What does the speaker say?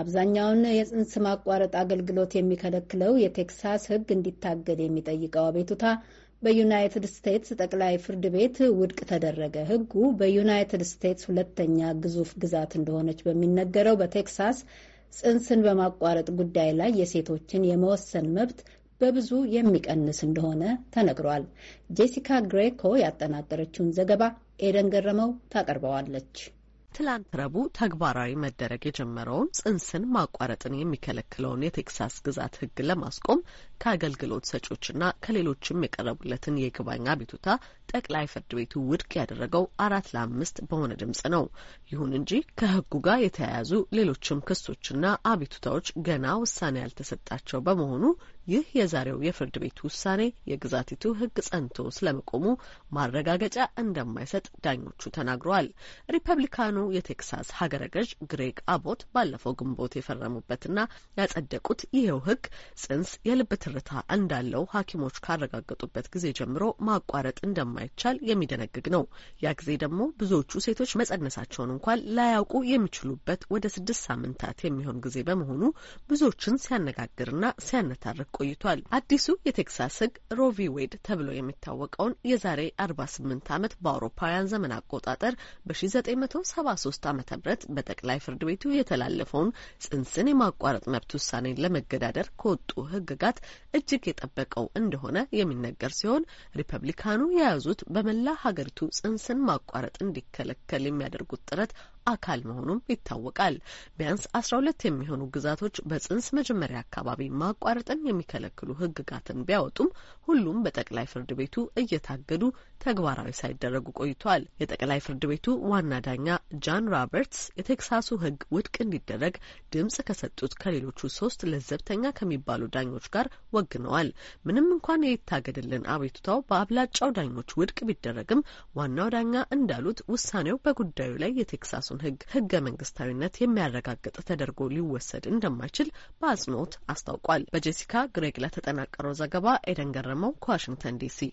አብዛኛውን የጽንስ ማቋረጥ አገልግሎት የሚከለክለው የቴክሳስ ሕግ እንዲታገድ የሚጠይቀው አቤቱታ በዩናይትድ ስቴትስ ጠቅላይ ፍርድ ቤት ውድቅ ተደረገ። ሕጉ በዩናይትድ ስቴትስ ሁለተኛ ግዙፍ ግዛት እንደሆነች በሚነገረው በቴክሳስ ጽንስን በማቋረጥ ጉዳይ ላይ የሴቶችን የመወሰን መብት በብዙ የሚቀንስ እንደሆነ ተነግሯል። ጄሲካ ግሬኮ ያጠናቀረችውን ዘገባ ኤደን ገረመው ታቀርበዋለች። ትላንት ረቡዕ ተግባራዊ መደረግ የጀመረውን ጽንስን ማቋረጥን የሚከለክለውን የቴክሳስ ግዛት ሕግ ለማስቆም ከአገልግሎት ሰጪዎችና ከሌሎችም የቀረቡለትን የይግባኝ አቤቱታ ጠቅላይ ፍርድ ቤቱ ውድቅ ያደረገው አራት ለአምስት በሆነ ድምጽ ነው። ይሁን እንጂ ከሕጉ ጋር የተያያዙ ሌሎችም ክሶችና አቤቱታዎች ገና ውሳኔ ያልተሰጣቸው በመሆኑ ይህ የዛሬው የፍርድ ቤት ውሳኔ የግዛቲቱ ሕግ ጸንቶ ስለመቆሙ ማረጋገጫ እንደማይሰጥ ዳኞቹ ተናግረዋል። ሪፐብሊካኑ የቴክሳስ ሀገረ ገዥ ግሬግ አቦት ባለፈው ግንቦት የፈረሙበትና ያጸደቁት ይሄው ሕግ ጽንስ የልብ ትርታ እንዳለው ሐኪሞች ካረጋገጡበት ጊዜ ጀምሮ ማቋረጥ እንደማይቻል የሚደነግግ ነው። ያ ጊዜ ደግሞ ብዙዎቹ ሴቶች መጸነሳቸውን እንኳን ላያውቁ የሚችሉበት ወደ ስድስት ሳምንታት የሚሆን ጊዜ በመሆኑ ብዙዎችን ሲያነጋግርና ሲያነታርቅ ቆይቷል። አዲሱ የቴክሳስ ሕግ ሮቪ ዌድ ተብሎ የሚታወቀውን የዛሬ 48 ዓመት በአውሮፓውያን ዘመን አቆጣጠር በ1973 ዓ ም በጠቅላይ ፍርድ ቤቱ የተላለፈውን ጽንስን የማቋረጥ መብት ውሳኔን ለመገዳደር ከወጡ ህግጋት እጅግ የጠበቀው እንደሆነ የሚነገር ሲሆን ሪፐብሊካኑ የያዙት በመላ ሀገሪቱ ጽንስን ማቋረጥ እንዲከለከል የሚያደርጉት ጥረት አካል መሆኑም ይታወቃል። ቢያንስ አስራ ሁለት የሚሆኑ ግዛቶች በጽንስ መጀመሪያ አካባቢ ማቋረጥን የሚከለክሉ ሕግጋትን ቢያወጡም ሁሉም በጠቅላይ ፍርድ ቤቱ እየታገዱ ተግባራዊ ሳይደረጉ ቆይቷል። የጠቅላይ ፍርድ ቤቱ ዋና ዳኛ ጃን ሮበርትስ የቴክሳሱ ሕግ ውድቅ እንዲደረግ ድምጽ ከሰጡት ከሌሎቹ ሶስት ለዘብተኛ ከሚባሉ ዳኞች ጋር ወግነዋል። ምንም እንኳን የይታገድልን አቤቱታው በአብላጫው ዳኞች ውድቅ ቢደረግም ዋናው ዳኛ እንዳሉት ውሳኔው በጉዳዩ ላይ የቴክሳሱን የሚለውን ህግ ሕገ መንግስታዊነት የሚያረጋግጥ ተደርጎ ሊወሰድ እንደማይችል በአጽንኦት አስታውቋል። በጄሲካ ግሬግ ለተጠናቀረው ዘገባ ኤደን ገረመው ከዋሽንግተን ዲሲ